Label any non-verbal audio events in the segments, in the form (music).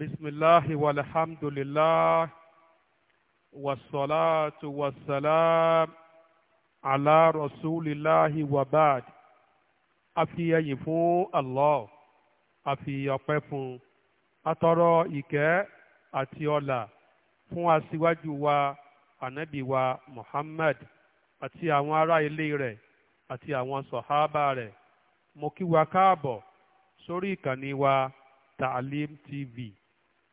بسم الله والحمد لله والصلاة والسلام على رسول الله وبعد àfihàn fún Allah àfihàn ọpẹ́ fún atọrọ ìkẹ́ àti ọlà fún aṣíwájú wa ànábì wa Muhammad àti àwọn ará ilé rẹ̀ àti àwọn sọ̀hábà rẹ̀ mo kí wa káàbọ̀ sórí ìkànnì wa Taalim TV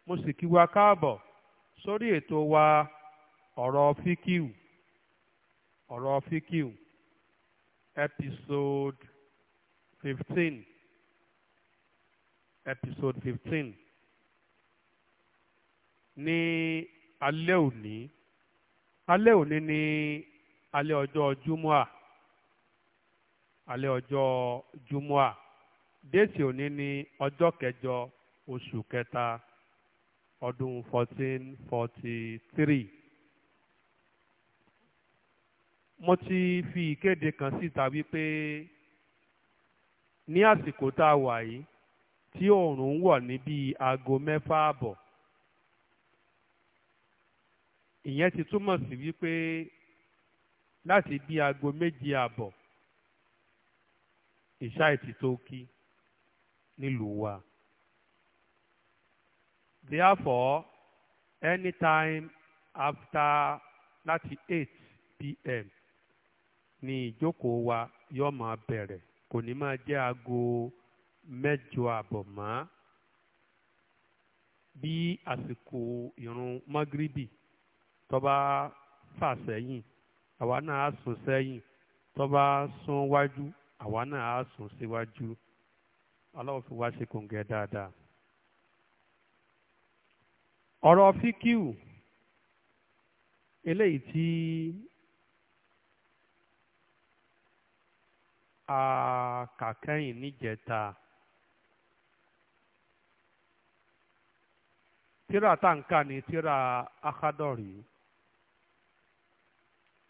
mo sì kí wa káàbọ̀ sórí ètò wa ọ̀rọ̀ fíkìú ọ̀rọ̀ fíkìú episode fifteen episode fifteen ní alẹ́ òní alẹ́ òní ní alẹ́ ọjọ́ júmọ́à alẹ́ ọjọ́ déètì òní ní ọjọ́ kẹjọ oṣù kẹta ọdún 1443, forty three mo ti fi ìkéde kan síta wípé ní àsìkò tá a wà yìí tí oòrùn ń wọ̀ ní bíi aago mẹ́fà àbọ̀ ìyẹn ti túmọ̀ sí wípé láti bíi aago méje àbọ̀ ìṣáì ti kí nílùú wa. Therefore, anytime after láti eight pm ni ìjókòó wa yóò máa bẹ̀rẹ̀ kò ní máa jẹ́ aago mẹ́jọ àbọ̀ mọ́ bí àsìkò ìrun mọ́gíríbì tó fà sẹ́yìn àwa náà á sún sẹ́yìn tó sún wájú àwa náà á sún síwájú Allah fi wá ṣe kòǹgẹ́ dáadáa. ọ̀rọ̀ fíkíù eléyìí tí a kà kẹ́yìn níjẹta tíra táǹkà ni tíra akadọ́rì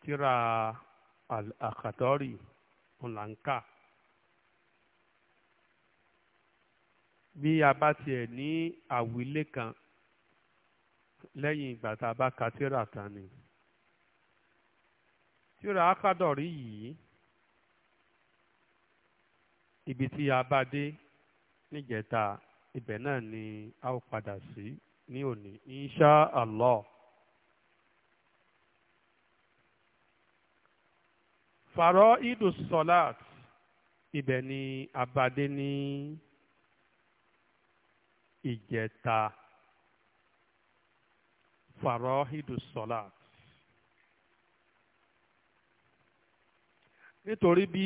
tíra akadọ́rì ọ̀làǹkà. bí a bá tiẹ̀ ní àwílé kan lẹ́yìn ìgbà tá a bá ka tíra tán ni tíra akádọ̀rí yìí ibi tí a bá dé níjẹta ibẹ̀ náà ni a ó padà sí ní òní insha allah. fàrọ̀ idu sọ̀láàt ibẹ̀ ni a ní ìjẹta farahidu salat nítorí bí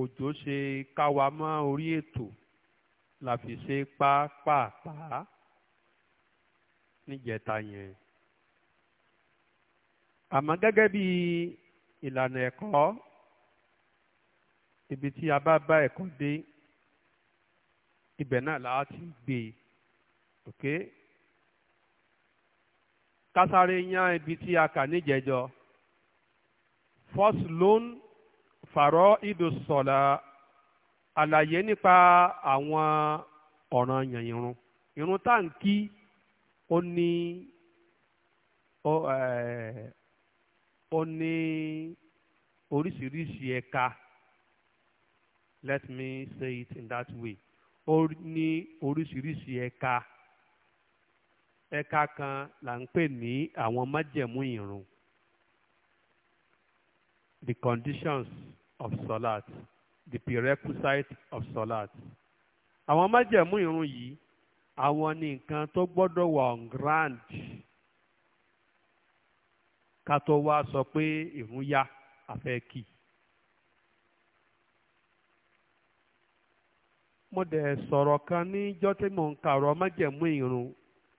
òjò ṣe ká wa mọ́ orí ètò la fi ṣe pápápá níjẹta yẹn àmọ́ gẹ́gẹ́ bí ìlànà ẹ̀kọ́ ibi tí a bá bá ẹ̀kọ́ dé ibẹ̀ náà la gbé e okay? kásáré yán ibi tí a kà níjẹjọ faslun fàrọ ìdòsọlá àlàyé nípa àwọn ọ̀ràn yàn irun irun táǹkì ó ní eh, ó ní oríṣiríṣi ẹ̀ka let me say it in that way ó ní oríṣiríṣi ẹ̀ka ẹ̀ka kan là ń pè ní àwọn májẹ̀mú ìrun the conditions of solat the prerequisites of solat àwọn májẹ̀mú ìrun yìí àwọn ni nǹkan tó gbọ́dọ̀ wà on ground ká tó wá sọ pé ìrun yá afẹ́ kì mo dẹ̀ sọ̀rọ̀ kan níjọ́ tí mò ń májẹ̀mú ìrun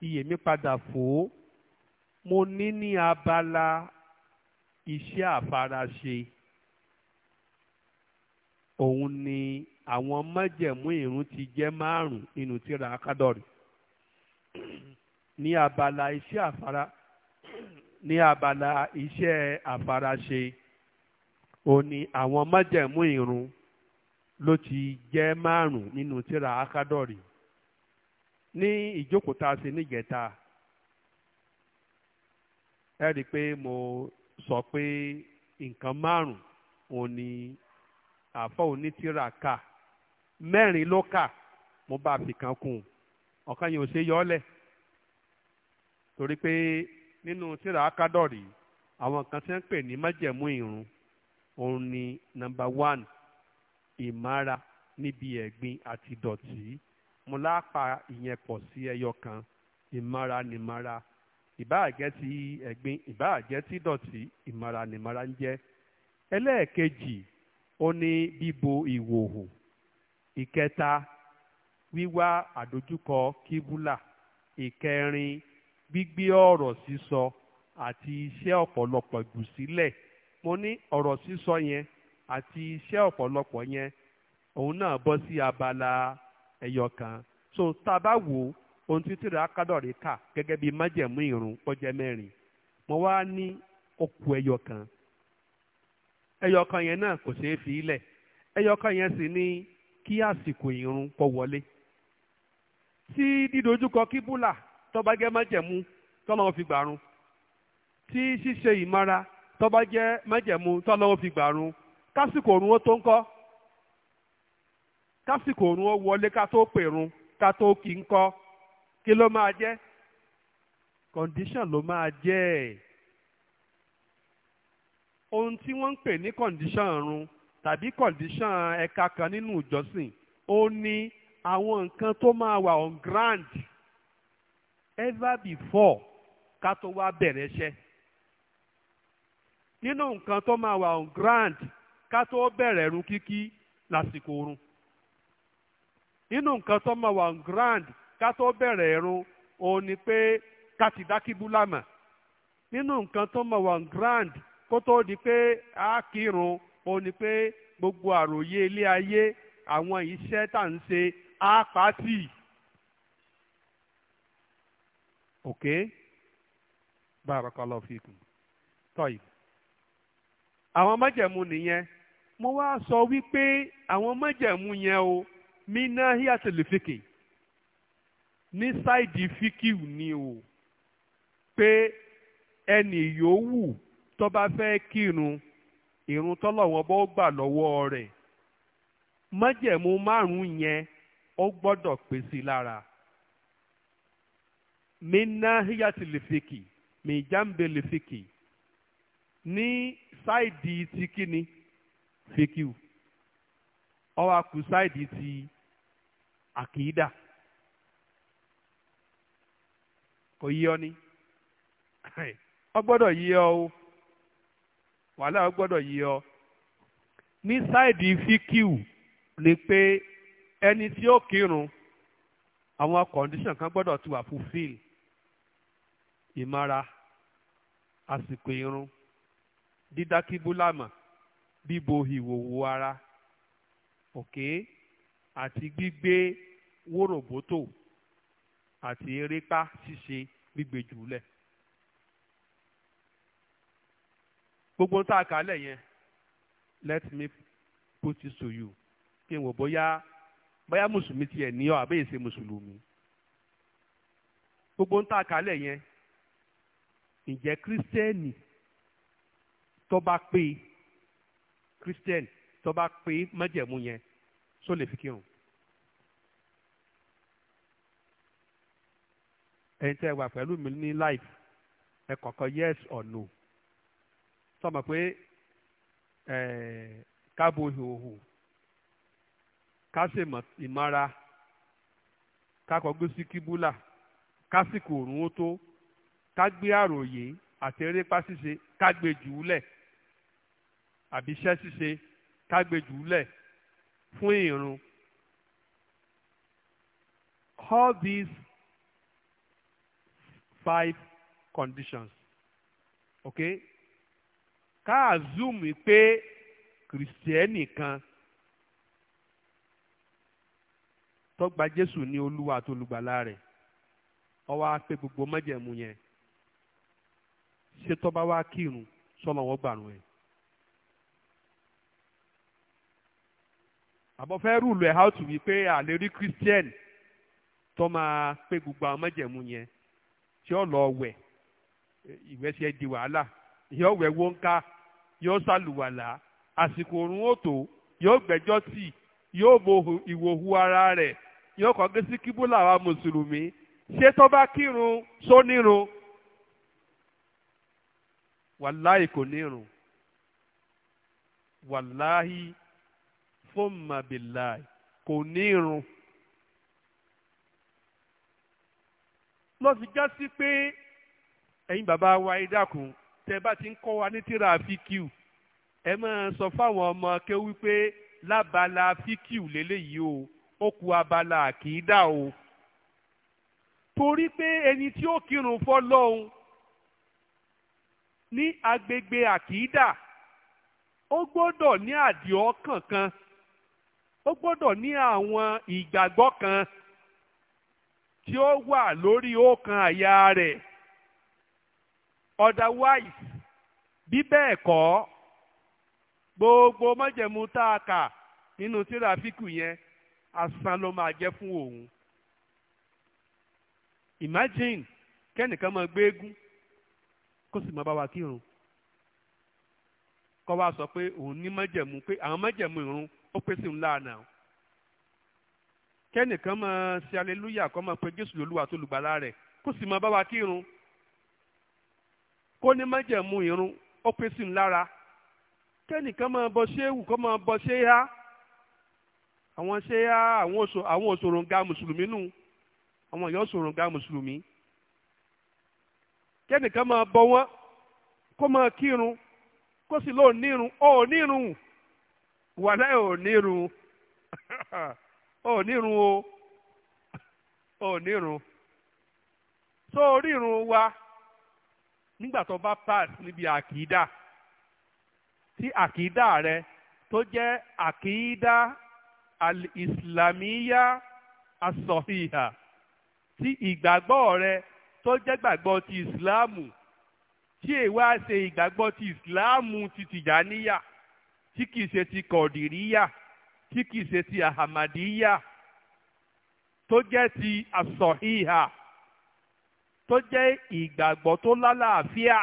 iyè mi padà fò ó mo ní ní abala iṣẹ́ àfaraṣe òun ni àwọn májẹ̀mú ìrun ti jẹ́ márùn-ún nínú tírà akádọ́rì ní abala iṣẹ́ àfara ní abala iṣẹ́ àfaraṣe òun ni àwọn májẹ̀mú ìrun ló ti jẹ́ márùn-ún nínú tírà akádọ́rì ní ìjókòó tá a ṣe níjẹta ẹ rí i pé mo sọ pé nǹkan márùn-ún òun ni àfọ onítìrà kà mẹ́rin ló kà mo bá fi kan kún un ọ̀kan yìí ò ṣe yọ ọ́ lẹ̀ torí pé nínú tírà akádọ̀rì àwọn kan tí wọ́n pè ní májẹ̀mú ìrun òun ni nọ́mbà one ìmára níbi ẹ̀gbin àti dọ̀tí mo lápá ìyẹn pọ̀ sí ẹyọ kan ìmara nìmara ìbáà jẹ́ ti ẹ̀gbin ìbáà jẹ́ ti dọ̀tí ìmara nìmara ń jẹ́ ẹlẹ́ẹ̀kejì ó ní bíbo ìwòhò ìkẹta wíwá àdójúkọ kíbúlà ìkẹrin gbígbé ọ̀rọ̀ sísọ àti iṣẹ́ ọ̀pọ̀lọpọ̀ jù sílẹ̀ mo ní ọ̀rọ̀ sísọ yẹn àti iṣẹ́ ọ̀pọ̀lọpọ̀ yẹn òun náà bọ́ sí abala ẹyọ kan so tá a bá wò ó ohun tí tíra akádọ̀rí kà gẹ́gẹ́ bí májẹ̀mú ìrun ó jẹ́ mo wá ní okù ẹyọ kan ẹyọ kan yẹn náà kò ṣeé fi ilẹ̀ ẹyọ kan yẹn sì ní kí àsìkò irun kó wọlé tí dídójúkọ kíbúlà tó bá jẹ́ májẹ̀mú fi gbàrún tí ṣíṣe ìmara tó bá jẹ́ májẹ̀mú fi gbàrún kásìkò òrùn ó tó ń kọ́ kásìkò òrùn ó wọlé ká tó pèrun ká tó kí ń kọ́ kí ló máa jẹ́ condition ló máa jẹ́ ẹ̀ ohun tí wọ́n ń pè ní condition ọ̀run tàbí condition ẹ̀ka kan nínú ìjọsìn ó ní àwọn nǹkan tó máa wà on ground ever before ká tó wá bẹ̀rẹ̀ iṣẹ́ nínú nǹkan tó máa wà on ground ká tó bẹ̀rẹ̀ irun kíkí lásìkò oorun nínú nǹkan tó máa wà grand ká tó bẹ̀rẹ̀ ẹ̀rùn òun ni pé ká ti dá kíbúlà mọ̀ nínú nǹkan tó máa wà grand kó tó di pé a kírun òun ni pé gbogbo àròyé ilé ayé àwọn iṣẹ́ tá à ń ṣe á pàtì. ok barakallahu fikum tọ́yì àwọn májẹ̀mú nìyẹn mo wá sọ wípé àwọn májẹ̀mú yẹn o. minahia tẹlifíkì ní sáìdì fíkìw ni o pé ẹnì yòówù tó bá fẹ́ kírun ìrun tọ́lọ̀wọ́ bó gbà lọ́wọ́ rẹ̀ májẹ̀mú márùn-ún yẹn ó gbọ́dọ̀ pè sí lára minahia tẹlifíkì mìjàmbélé fíkì ní sáìdì ti kíni fíkìw ó wá kù ti. àkìídà kò yí ọ ní ọ gbọdọ yí ọ o wàhálà ọ gbọdọ yí ọ ní sáìdì fíkìú ni pé ẹni tí ó kírun àwọn kọ̀ǹdíṣàn kan gbọdọ ti wà fulfill ìmara àsìkò irun dídákíbúlámà bíbo ìwòwò ara òkè àti gbígbé wóróbótò àti erépa ṣíṣe gbígbé jùlẹ̀. gbogbo tá a kà á yẹn let me put it to you kí n wò bóyá bóyá mùsùlùmí tiẹ̀ ní ọ àbẹ́yẹ ṣe mùsùlùmí gbogbo ń tà kálẹ̀ yẹn ǹjẹ́ kírísítẹ́nì tó bá pé kírísítẹ́nì tó bá pé májẹ̀mú yẹn só fi kírun. ẹ̀yin tẹ́ wà pẹ̀lú mi ní life ẹ kọ̀ọ̀kan yes or no sọmọ pé káàbò ìhòòhò ká ṣe ìmọ̀ra ká kọgbé sí kíbúlà kásìkò òrùn ó tó ká gbé àròyé àti erépá ṣíṣe ká gbé jù àbí iṣẹ́ ṣíṣe ká gbé fún ìrun all these five conditions okay ká assume pé kìrìsìtẹ́nì kan tó gba Jésù ní Olúwa àti olùgbàlà rẹ̀ ó wá pé gbogbo májẹ̀mú yẹn ṣé tó bá wá kírun sọ́nà wọ́n gbàrún ẹ̀. àbọ̀ fẹ́ rúùlù ẹ̀ how to be pé àlérí Christian tó máa pé gbogbo àwọn májẹ̀mú yẹn tí ó lọ wẹ̀ ìwẹ̀ di wàhálà yóò wẹ̀ wọ́nká yóò ṣàlùwàlà àsìkò òrùn òtò yóò tì yóò ìwòhu ara rẹ yóò kọ́ gé sí kíbúlà wa mùsùlùmí ṣé tó bá kírun sónírun kò nírun wàláì kò nírun. ló fi já sí pé ẹ̀yin bàbá wa ẹ dákun tẹ́ bá ti ń kọ́ wa ní tíra fíkìú ẹ máa sọ fáwọn ọmọ kẹ́ wípé lábala fíkìú lélẹ́yìí o ó ku abala àkìídà o torí pé ẹni tí ó kírun fọ́lọ́hun ní agbègbè àkìídà ó gbọ́dọ̀ ní àdìọ́ kankan ó gbọ́dọ̀ ní àwọn ìgbàgbọ́ kan. tí ó wà lórí ọkàn àyà rẹ̀ otherwise bí bẹ́ẹ̀ kọ́ gbogbo mọ́jẹ̀mú tá a kà nínú tíráfíkù yẹn asan ló máa jẹ́ fún òun imagine kẹ́nìkan máa gbé eégún kó sì máa bá wa kírun kọ́ wa sọ pé òun ní mọ́jẹ̀mú pé àwọn májẹ̀mú ìrun ó pèsè ńlá náà kẹ́nìkan máa ṣe aleluya kó máa pe jésù lólúwa tó lùgbàlà rẹ̀ kó sì máa bá wa kírun kó ní májẹ̀mú irun ó pé sí lára kẹ́nìkan máa bọ ṣéwù kó máa bọ ṣéyá àwọn ṣéyá àwọn òṣòròǹga mùsùlùmí nù àwọn ìyá òṣòròǹga mùsùlùmí kẹ́nìkan máa bọ wọ́n kó máa kírun kó sì lóò nírun ó nírun wàlẹ́ ò nírun (laughs) ò o ò nírun tó wa nígbà tó bá pass níbi àkìdá tí àkìdá rẹ tó jẹ́ àkìdá al-islamiyya as-sahiha tí ìgbàgbọ́ rẹ tó jẹ́ gbàgbọ́ ti islamu tí èèwà ṣe ìgbàgbọ́ ti islamu ti tìjàníyà tí kìí ṣe ti kọ̀dìríyà. tí kì í ṣe ti ahamadiya tó jẹ́ ti asọ̀híhà tó jẹ́ ìgbàgbọ́ tó lálàáfíà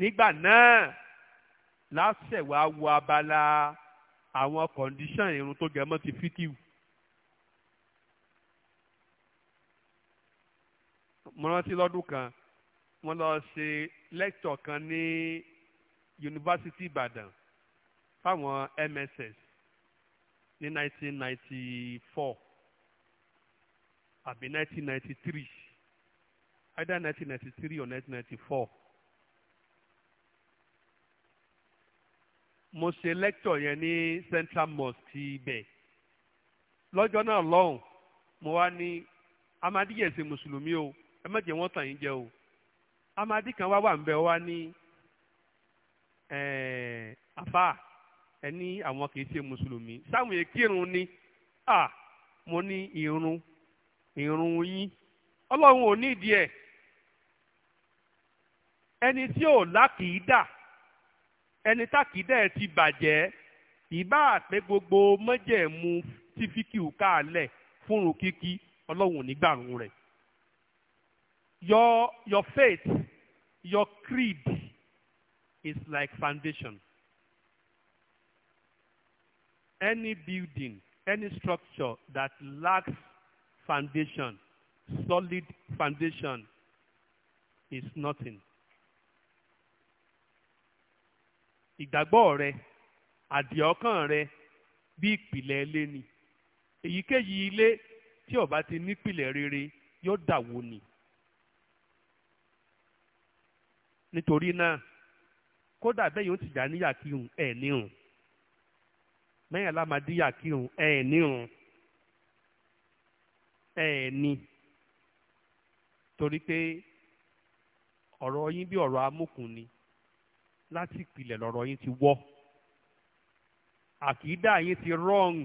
nígbà náà lásẹ̀wá wo abala àwọn kọ̀ǹdíṣàn irun tó jẹ mọ́ ti fíkìwù. mo rántí lọ́dún kan wọ́n lọ ṣe lẹ́kítọ̀ kan ní yunifásitì ìbàdàn fáwọn MSS ní 1994 àbí 1993 either 1993 or 1994 mo ṣe lecture yẹn ní Central Mosque ti ibẹ̀ lọ́jọ́ náà lọ́hùn mo wá ní amadi yẹn ṣe mùsùlùmí o ẹ má jẹ́ wọ́n tàn yín jẹ o amadi kan wá wà ń bẹ wá ní àfáà ẹ àwọn kì í ṣe mùsùlùmí sáwọn èkírun ni à mo ní irun irun yín ọlọ́run ò nídìí ẹ̀ ẹni tí ò lákìídà ẹni tákìídà ẹ̀ ti bàjẹ́ ìbá àpé gbogbo mọ́jẹ̀mú tí káàlẹ̀ fúnrun kíkí ọlọ́run ò ní gbàrún rẹ̀ your your faith your creed is like foundation any building, any structure that lacks foundation, solid foundation, is nothing. Ìgbàgbọ́ rẹ, àdìọ́kàn rẹ bí ìpìlẹ̀ ilé ni. Èyíkéyìí ilé tí ó bá ti nípìlẹ̀ rere yóò dàwó ni. Nítorí náà, kódà bẹ́ẹ̀ yóò ti dà níyà ẹ̀ nírun. lẹ́yìn alámadíyà kírun ẹ̀ nírun ẹ̀ ní torí pé ọ̀rọ̀ yín bí ọ̀rọ̀ amókùn ni láti ìpìlẹ̀ lọ́rọ̀ yín ti wọ́ àkìdá yín ti wrong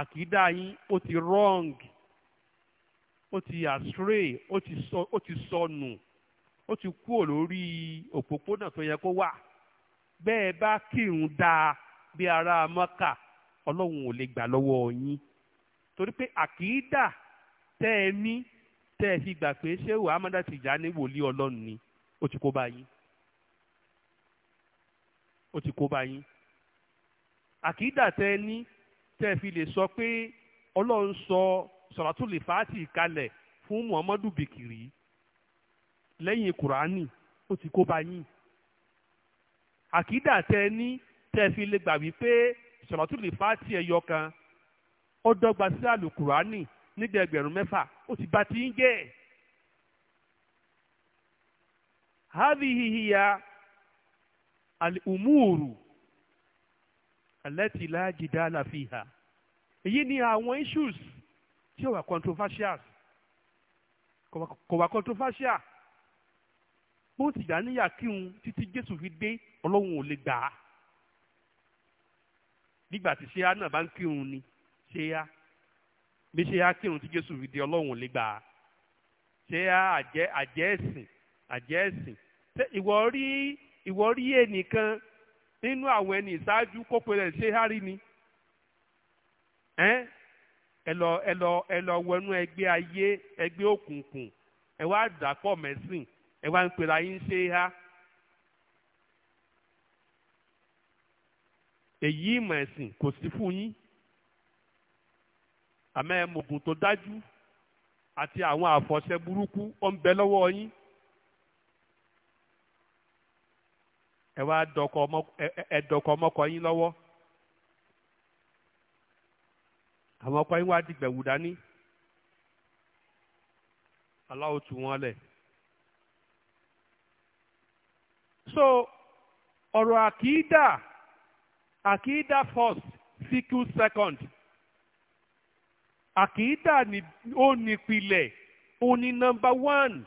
àkìdá yín ó ti wrong ó ti astray ó ti sọ ó ti sọnù ó ti kúrò lórí òpópónà tó yẹ kó wà bẹ́ẹ̀ bá kírun dáa. bí ará mọ́kà ọlọ́run ò lè gbà lọ́wọ́ yín torí pé àkìídà tẹ́ ẹ ní tẹ́ ẹ fi gbà pé ṣéwù amada Tìjàní wòlíì ọlọ́run ni ó ti kó bá yín ó ti kó bá yín àkìídà tẹ́ ẹ ní tẹ́ ẹ fi lè sọ pé ọlọ́run sọ sọ̀rọ̀tún lè fàátì kalẹ̀ fún muhammadu bikiri lẹ́yìn kùránì ó ti kó bá àkìídà tẹ́ ẹ ní tẹ́ fi lè gbà wípé sọ̀rọ̀tùlì fáàtì ẹ̀yọ kan ó dọ́gba sí àlùkùránì nígbà ẹgbẹ̀rún mẹ́fà ó ti bá ti ń jẹ́ hadhihi hiya al-umuru allati èyí ni àwọn issues tí ó wà controversial kò wà controversial bó ti dá níyà kí n títí Jésù fi dé ọlọ́run ò lè gbà á nígbà tí ṣéyá náà bá ń kírun ni ṣéyá bí ṣéyá kírun tí jésù fi di ọlọ́run lè gbà á ṣéyá àjẹ́ àjẹ́ ẹ̀sìn àjẹ́ ẹ̀sìn ṣé ìwọ rí ìwọ rí ẹnìkan nínú àwọn ẹni ìṣáájú kópe rẹ̀ ṣéyá rí ni ẹ lọ ẹ lọ ẹ lọ wọnú ẹgbẹ́ ayé ẹgbẹ́ òkùnkùn ẹ wá dàpọ̀ mẹ́sìn ẹ wá ń pera yín ṣéyá èyí ìmọ̀ ẹ̀sìn kò sí fún yín àmọ́ ẹ mọ̀gùn tó dájú àti àwọn àfọ̀ṣẹ burúkú ó ń bẹ lọ́wọ́ yín ẹ wá dọkọ ọmọkọ yín lọ́wọ́ àwọn ọkọ yín wá dìgbẹ̀wù dání aláwọ̀ tù wọ́n lẹ̀. so ọ̀rọ̀ àkìdá àkìdá first CQ second àkìdá ni ó nípìlẹ̀ ó ní nọ́mbà one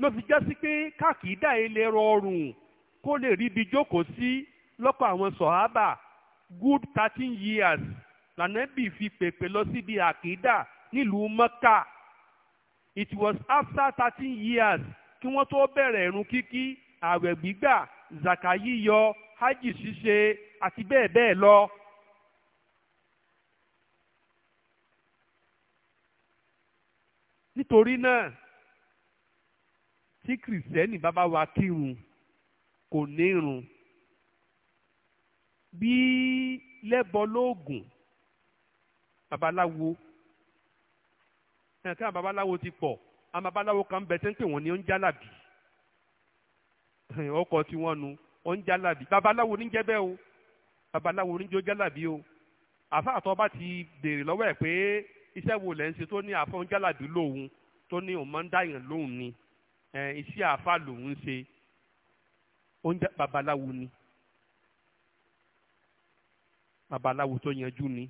ló fi já sí pé káàkìdá ilẹ̀ rọrùn kó lè ríbi jókòó sí lọ́kọ̀ àwọn sọ̀hábà good thirteen years lànàbì fi pèpè lọ síbi àkìdá nílùú Mẹ́kà it was after thirteen years kí wọ́n tó bẹ̀rẹ̀ ìrun kíkí ààwẹ̀ gbígbà zàkà yíyọ hajj ṣíṣe àti bẹ́ẹ̀ bẹ́ẹ̀ lọ. nítorí náà tí kìrìsìtẹ́nì bàbá wa kírun kò ní irun bí lẹ́bọ̀lóògùn babaláwo ẹ̀ka babaláwo ti pọ̀ àwọn babaláwo kan bẹ̀ tẹ́ ń pè wọ́n ní oúnjẹ ọkọ̀ tí nu ó ń jálàbí babaláwo ní jẹ́ bẹ́ẹ̀ o babaláwo ní jẹ́ ó jálàbí o àfáà tó bá ti béèrè lọ́wọ́ ẹ̀ pé iṣẹ́ wo lẹ́ ń ṣe tó ní àfáà ń jálàbí lòun tó ní òun máa ń dáyàn lóhùn ni iṣẹ́ àfáà lòun ń ṣe ó ń jẹ́ babaláwo ni babaláwo tó yanjú ni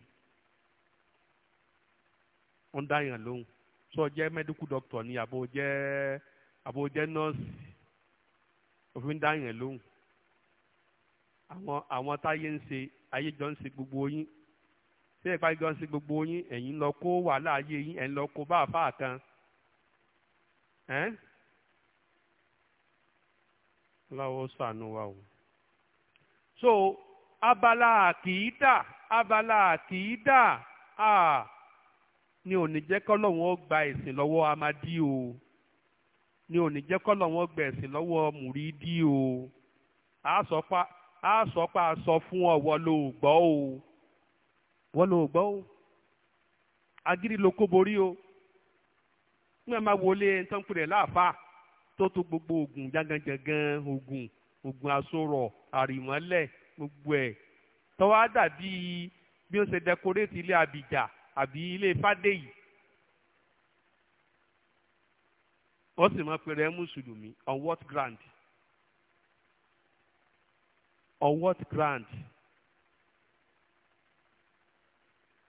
ó ń dáyàn lóhùn sọ jẹ́ medical doctor ni àbò jẹ́ àbò jẹ́ nọ́ọ̀sì òfin dáyàn lóhùn àwọn àwọn táyé ń ṣe ayé jọ ń ṣe gbogbo yín tí ẹ̀ pàdé ń ṣe gbogbo yín ẹ̀yin lọ kó wàhálà ayé yín ẹ̀yin lọ kó bá àfáà kan ẹ́n láwọ́ sànù wa o. so abala àkìídà abala àkìídà a ni ò ní jẹ́ kọ́lọ́hún ó gba ẹ̀sìn lọ́wọ́ amadi o ni ò jẹ́ kọ́lọ́hún ó gba ẹ̀sìn lọ́wọ́ mùrídìí o a sọ pa A sọ pé a sọ fún ọ wọ́n ló gbọ́ o wọ́n ló gbọ́ o agídí ló kó borí o nígbà máa wọlé ntọ́nkù rẹ̀ láàfáà tó tó gbogbo oògùn janganjangan oògùn oògùn asọ̀rọ̀ àrìmọ́lẹ̀ gbogbo ẹ̀ tọ́wọ́ á dàbí bí ó ṣe dẹkoréètì ilé àbíjà àbí ilé fádéyì ó sì máa pèrè mùsùlùmí on what ground on what ground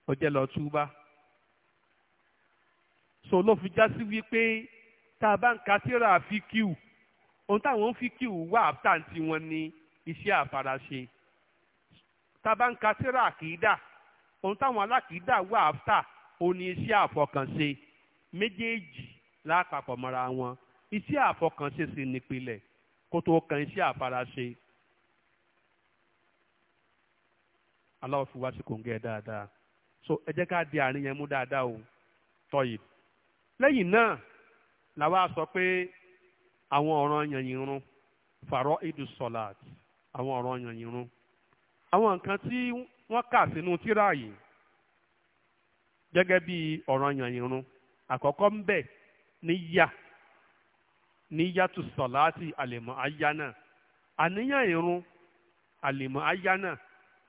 O jẹ́ lọ túbá so ló fi já sí wípé tá a bá ń ka síra fi kíw ohun táwọn fi kíw wà àpáǹtì wọn ni iṣẹ́ àfaraṣe tá a bá ń ka síra àkìdá ohun táwọn alákìdá wà àpáǹtà ó iṣẹ́ àfọkànṣe méjèèjì lápapọ̀ mọ́ra wọn iṣẹ́ àfọkànṣe sì nípìnlẹ̀ kó tó kan iṣẹ́ àfaraṣe. aláwọ̀ fi wá sí kòǹgẹ́ dáadáa so ẹ jẹ́ ká di àárín yẹn mú dáadáa o tọ́yì lẹ́yìn náà làwa sọ pé àwọn ọ̀ràn yẹnyìn run fàrọ̀ idu sọ̀làt àwọn ọ̀ràn yẹnyìn run àwọn nǹkan tí wọ́n kà sínú tírà yìí gẹ́gẹ́ bí ọ̀ràn yẹnyìn run àkọ́kọ́ ń bẹ níyà níyàtú sọ̀láàtì àlèmọ̀ náà àníyàn ìrun àlèmọ̀ ayánà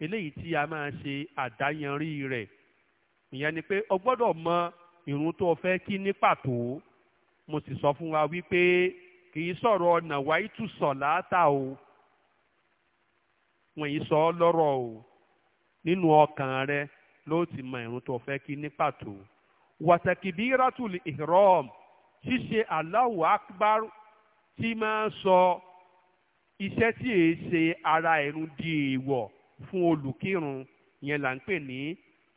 eléyìí tí a máa ṣe àdáyanrí rẹ̀ ìyẹn ni pé o gbọ́dọ̀ mọ ìrun tó o fẹ́ kí ní pàtó mo sì sọ fún wa wípé kì í sọ̀rọ̀ ọ̀nà wáyé tù sọ̀ láátà o wọ́n yìí sọ ọ́ lọ́rọ̀ o nínú ọkàn rẹ ló ti mọ ìrun tó o fẹ́ kí ní pàtó wàtàkì bí rátùlì ìrọ́m ṣíṣe Allahu akbar tí máa ń sọ iṣẹ́ tí èé ṣe ara ìrun di èèwọ̀. fún olùkírun yẹn là ń pè ní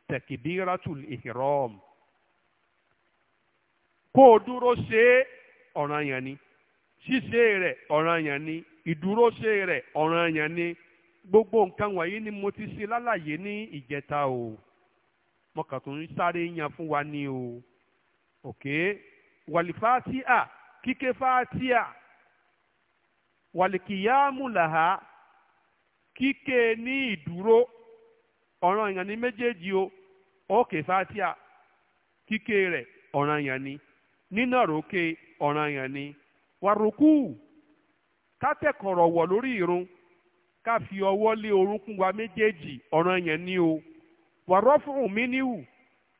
tẹkibiratul ihram kó o dúró ṣe é ọ̀ranyàn ni ṣíṣe rẹ̀ ọ̀ranyàn ni ìdúró ṣe rẹ̀ ọ̀ranyàn ni gbogbo nǹkan wọ̀nyí ni mo ti ṣe lálàyé ní ìjẹta o mo kàn tún sáré yan fún wa ni o òkè wàlífàtíà kíké fàtíà wàlíkìyàmù làhá. kíké ní ìdúró ọ̀ràn èèyàn méjèèjì o òkè fatia kíké rẹ̀ ọ̀ràn èèyàn ni nínàrókè ọ̀ràn èèyàn ni wàrúkú kátẹ̀kọ̀rọ̀ wọ̀ lórí irun ká fi ọwọ́ lé orúnkún wa méjèèjì ọ̀ràn èèyàn ni o wàrọ́fùrùn mi níwù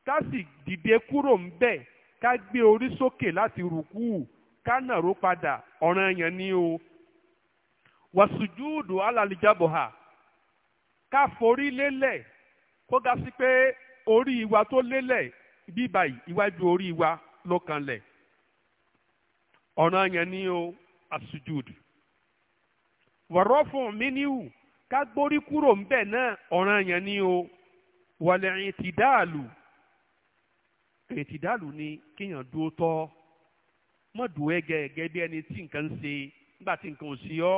ká sì dìde kúrò ń bẹ̀ ká gbé orí sókè láti rùkú ká nàró padà ọ̀ràn o. Wasujudu alàlìjàbọ̀hà ká forí lélẹ̀ kó ga sí pé orí wa tó lélẹ̀ bí iwájú orí wa ló kanlẹ̀ ọ̀ràn yẹn ni o asujudu wọ̀rọ̀ fún mi níwù ká gbórí kúrò ńbẹ̀ náà ọ̀ràn yẹn ni o wọ̀lẹ̀ ìtìdáàlù ìtìdáàlù ni kéèyàn dúró tọ́ mọ́dùú ẹ̀gẹ́ ẹ̀gẹ́ bí ẹni tí nǹkan ń ṣe nígbà tí nǹkan ò sí ọ́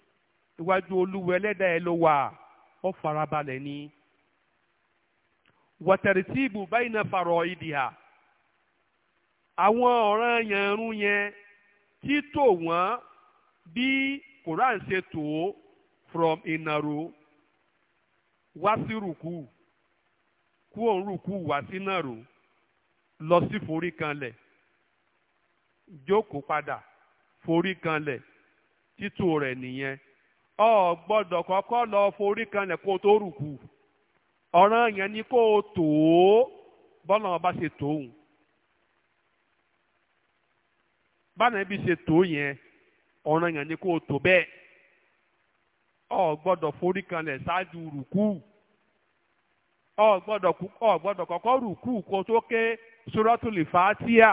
iwájú olúwa ẹlẹ́dà ẹ ló wà ó farabalẹ̀ ni wọ̀tẹ̀rìtìbù báyìí náà farọ̀ ìdìhà àwọn ọ̀ràn yẹnrún yẹn títò wọ́n bí Quran ṣe tò ó from ìnàró wá sí rùkú kú òun rùkú wá sí nàró lọ sí forí kanlẹ̀ jókòó padà forí kanlẹ̀ títò rẹ̀ nìyẹn. ọ gbọ́dọ̀ kọ́kọ́ lọ forí kanlẹ̀ kó o tó rùkù ọ̀ràn yẹn ni kó o tò ọba ṣe bánà bí ṣe yẹn ọ̀ràn yẹn ni kó o tò bẹ́ẹ̀ ọ gbọ́dọ̀ forí kanlẹ̀ ṣáájú rùkù ọ gbọ́dọ̀ ọ gbọ́dọ̀ kọ́kọ́ rùkù kó o tó ké suratul fàtíà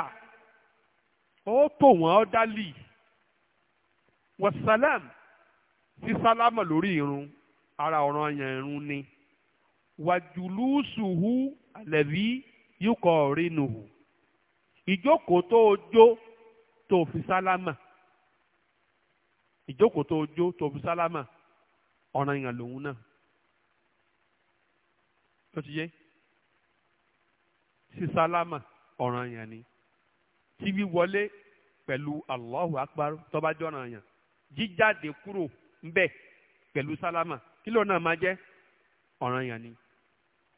ó dálì wàsálàmù. sísálámà lórí irun ara ọ̀ràn yẹn irun ni wàjúlùsùhù àlẹ́bí yíkọ̀ rínuhù ìjókòó tó o jó tó o fi sálámà ìjókòó tó o jó tó o fi sálámà ọ̀ràn yẹn lòun náà ló ti yé sísálámà ọ̀ràn yẹn ni tí wíwọlé pẹ̀lú Allahu Akbar tó bá jọ̀ràn yẹn jíjáde kúrò ńbẹ pẹ̀lú sálámà kí ló náà máa jẹ́ ni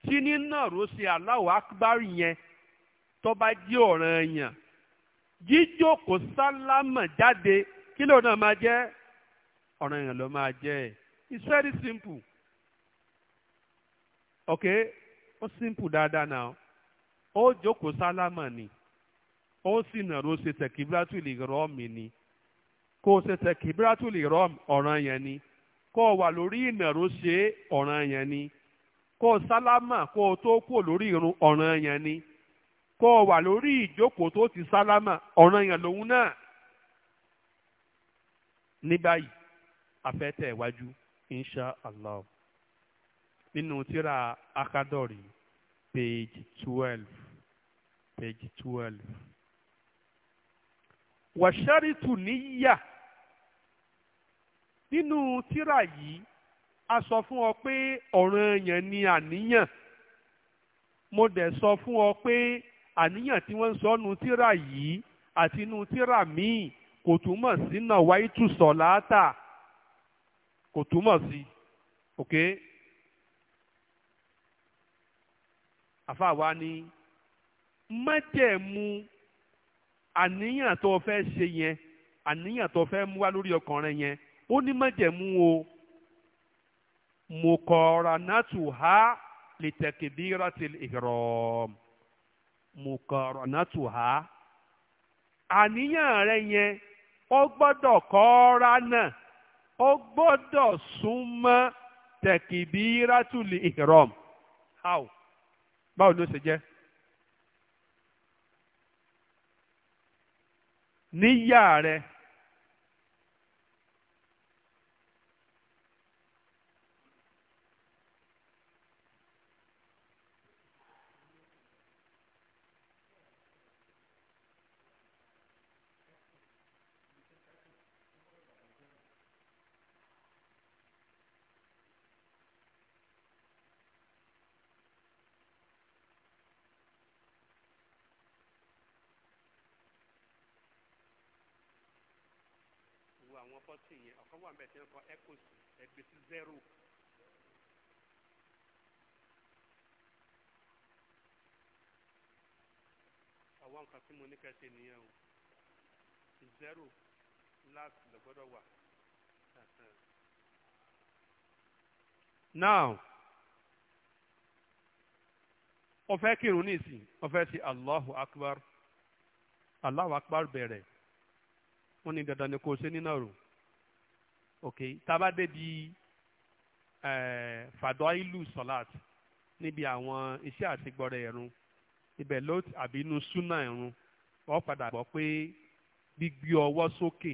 tí nínà ró ṣe Allahu akbar yẹn tó bá jíjókòó sálámà jáde kí ló náà máa jẹ́ ọ̀ranyàn ló máa jẹ́ it's very simple ok ó simple dáadáa náà ó ni ó sì ṣe kó o ṣe tẹkibiratul ihram ọ̀ràn yẹn ni kó o wà lórí ìnàró ṣe ọ̀ràn yẹn ni kó o sálámà kó o tó kúrò lórí irun ọ̀ràn yẹn ni kó o wà lórí ìjókòó tó ti sálámà ọ̀ràn yẹn lòun náà ní báyìí afẹ́tẹ̀ iwájú insha allah nínú tírà akadori page twelve page twelve wàṣáritù níyà nínú tírà yìí a sọ fún ọ pé ọ̀ranyàn ni àníyàn mo dẹ̀ sọ fún ọ pé àníyàn tí wọ́n ń sọ nu tírà yìí àti nu tírà míì kò túmọ̀ sí náà wáyé tù sọ láátà kò túmọ̀ sí ok àfàwa ni mọ́jẹ̀mú àníyàn tó fẹ́ ṣe yẹn àníyàn tó fẹ́ mú wá lórí ọkàn rẹ yẹn ó ní májẹ̀mú o mùkọ̀rọ̀nàtù ha lè tẹ̀kìbírọ̀tì ìrọ̀m mùkọ̀rọ̀nàtù ha àníyàn rẹ yẹn ó gbọ́dọ̀ kọ́ra náà ó gbọ́dọ̀ súnmọ́ tẹ̀kìbírọ̀tù ìrọ̀m how báwo ló ṣe jẹ́ níyà rẹ. kan wà mẹ́tẹ́ kan echoes ẹgbẹ́ sí zero. àwọn nǹkan tí mo ní kẹsì nìyẹn o zero last ló gbọ́dọ̀ wà. now ó fẹ́ kírun nísìn ó fẹ́ sí akbar allahu akbar bẹ̀rẹ̀ wọ́n ní dandan ni kò ṣe nínà ok tába débi ẹ fàdọ́ ìlú sọ́láàt níbi àwọn iṣẹ́ àtigbọ́rẹ̀ ẹ̀rùn ibẹ̀ ló àbí suna súnà ẹ̀rùn wọ́n padà gbọ́ pé gbígbé ọwọ́ sókè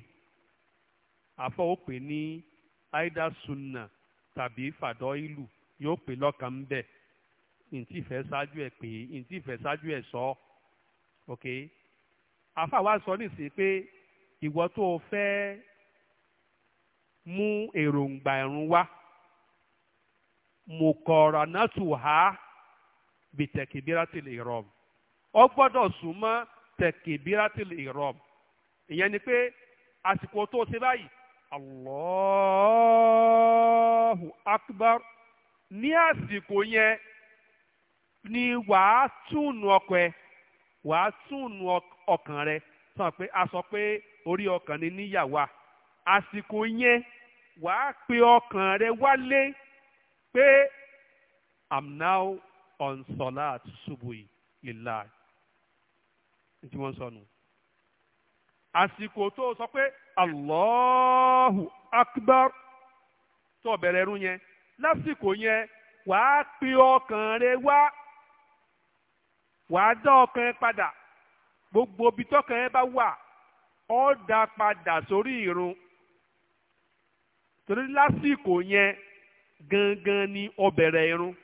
àfọ́ ó pè ní aida suna tàbí fàdọ́ ìlú yóò pè lọ́kàn ń bẹ̀ ntí fẹ́ ṣáájú ẹ̀ pé ntí fẹ́ ṣáájú ẹ̀ sọ ok àfa wa sọ nísìnyí pé ìwọ tó o fẹ́ mú èròǹgbà ìrun wá mùkọ̀rọ̀ náà tù há bìtẹ̀kìbíratìlì ìrọ̀m ọ gbọ́dọ̀ súnmọ́ tẹ̀kìbíratìlì ìrọ̀m ìyẹn ni pé àsìkò tó ṣe báyìí Allahu akbar ní àsìkò yẹn ni wàá túnú ọkọ ẹ wàá túnú ọkàn rẹ sọ pé a sọ pé orí ọkàn ni níyàwó àsìkò yẹn wàá pe ọkàn rẹ wálé pé i'm now on salat subuhi lillah tí wọ́n sọ àsìkò tó sọ pé allahu akbar tó bẹ̀rẹ̀ ẹrú yẹn lásìkò yẹn wàá pe ọkàn rẹ wá wàá dá ọkàn rẹ padà gbogbo ibi tọkàn rẹ bá wà ó dá padà sórí ìrun. torí lásìkò yẹn gangan ni ó irun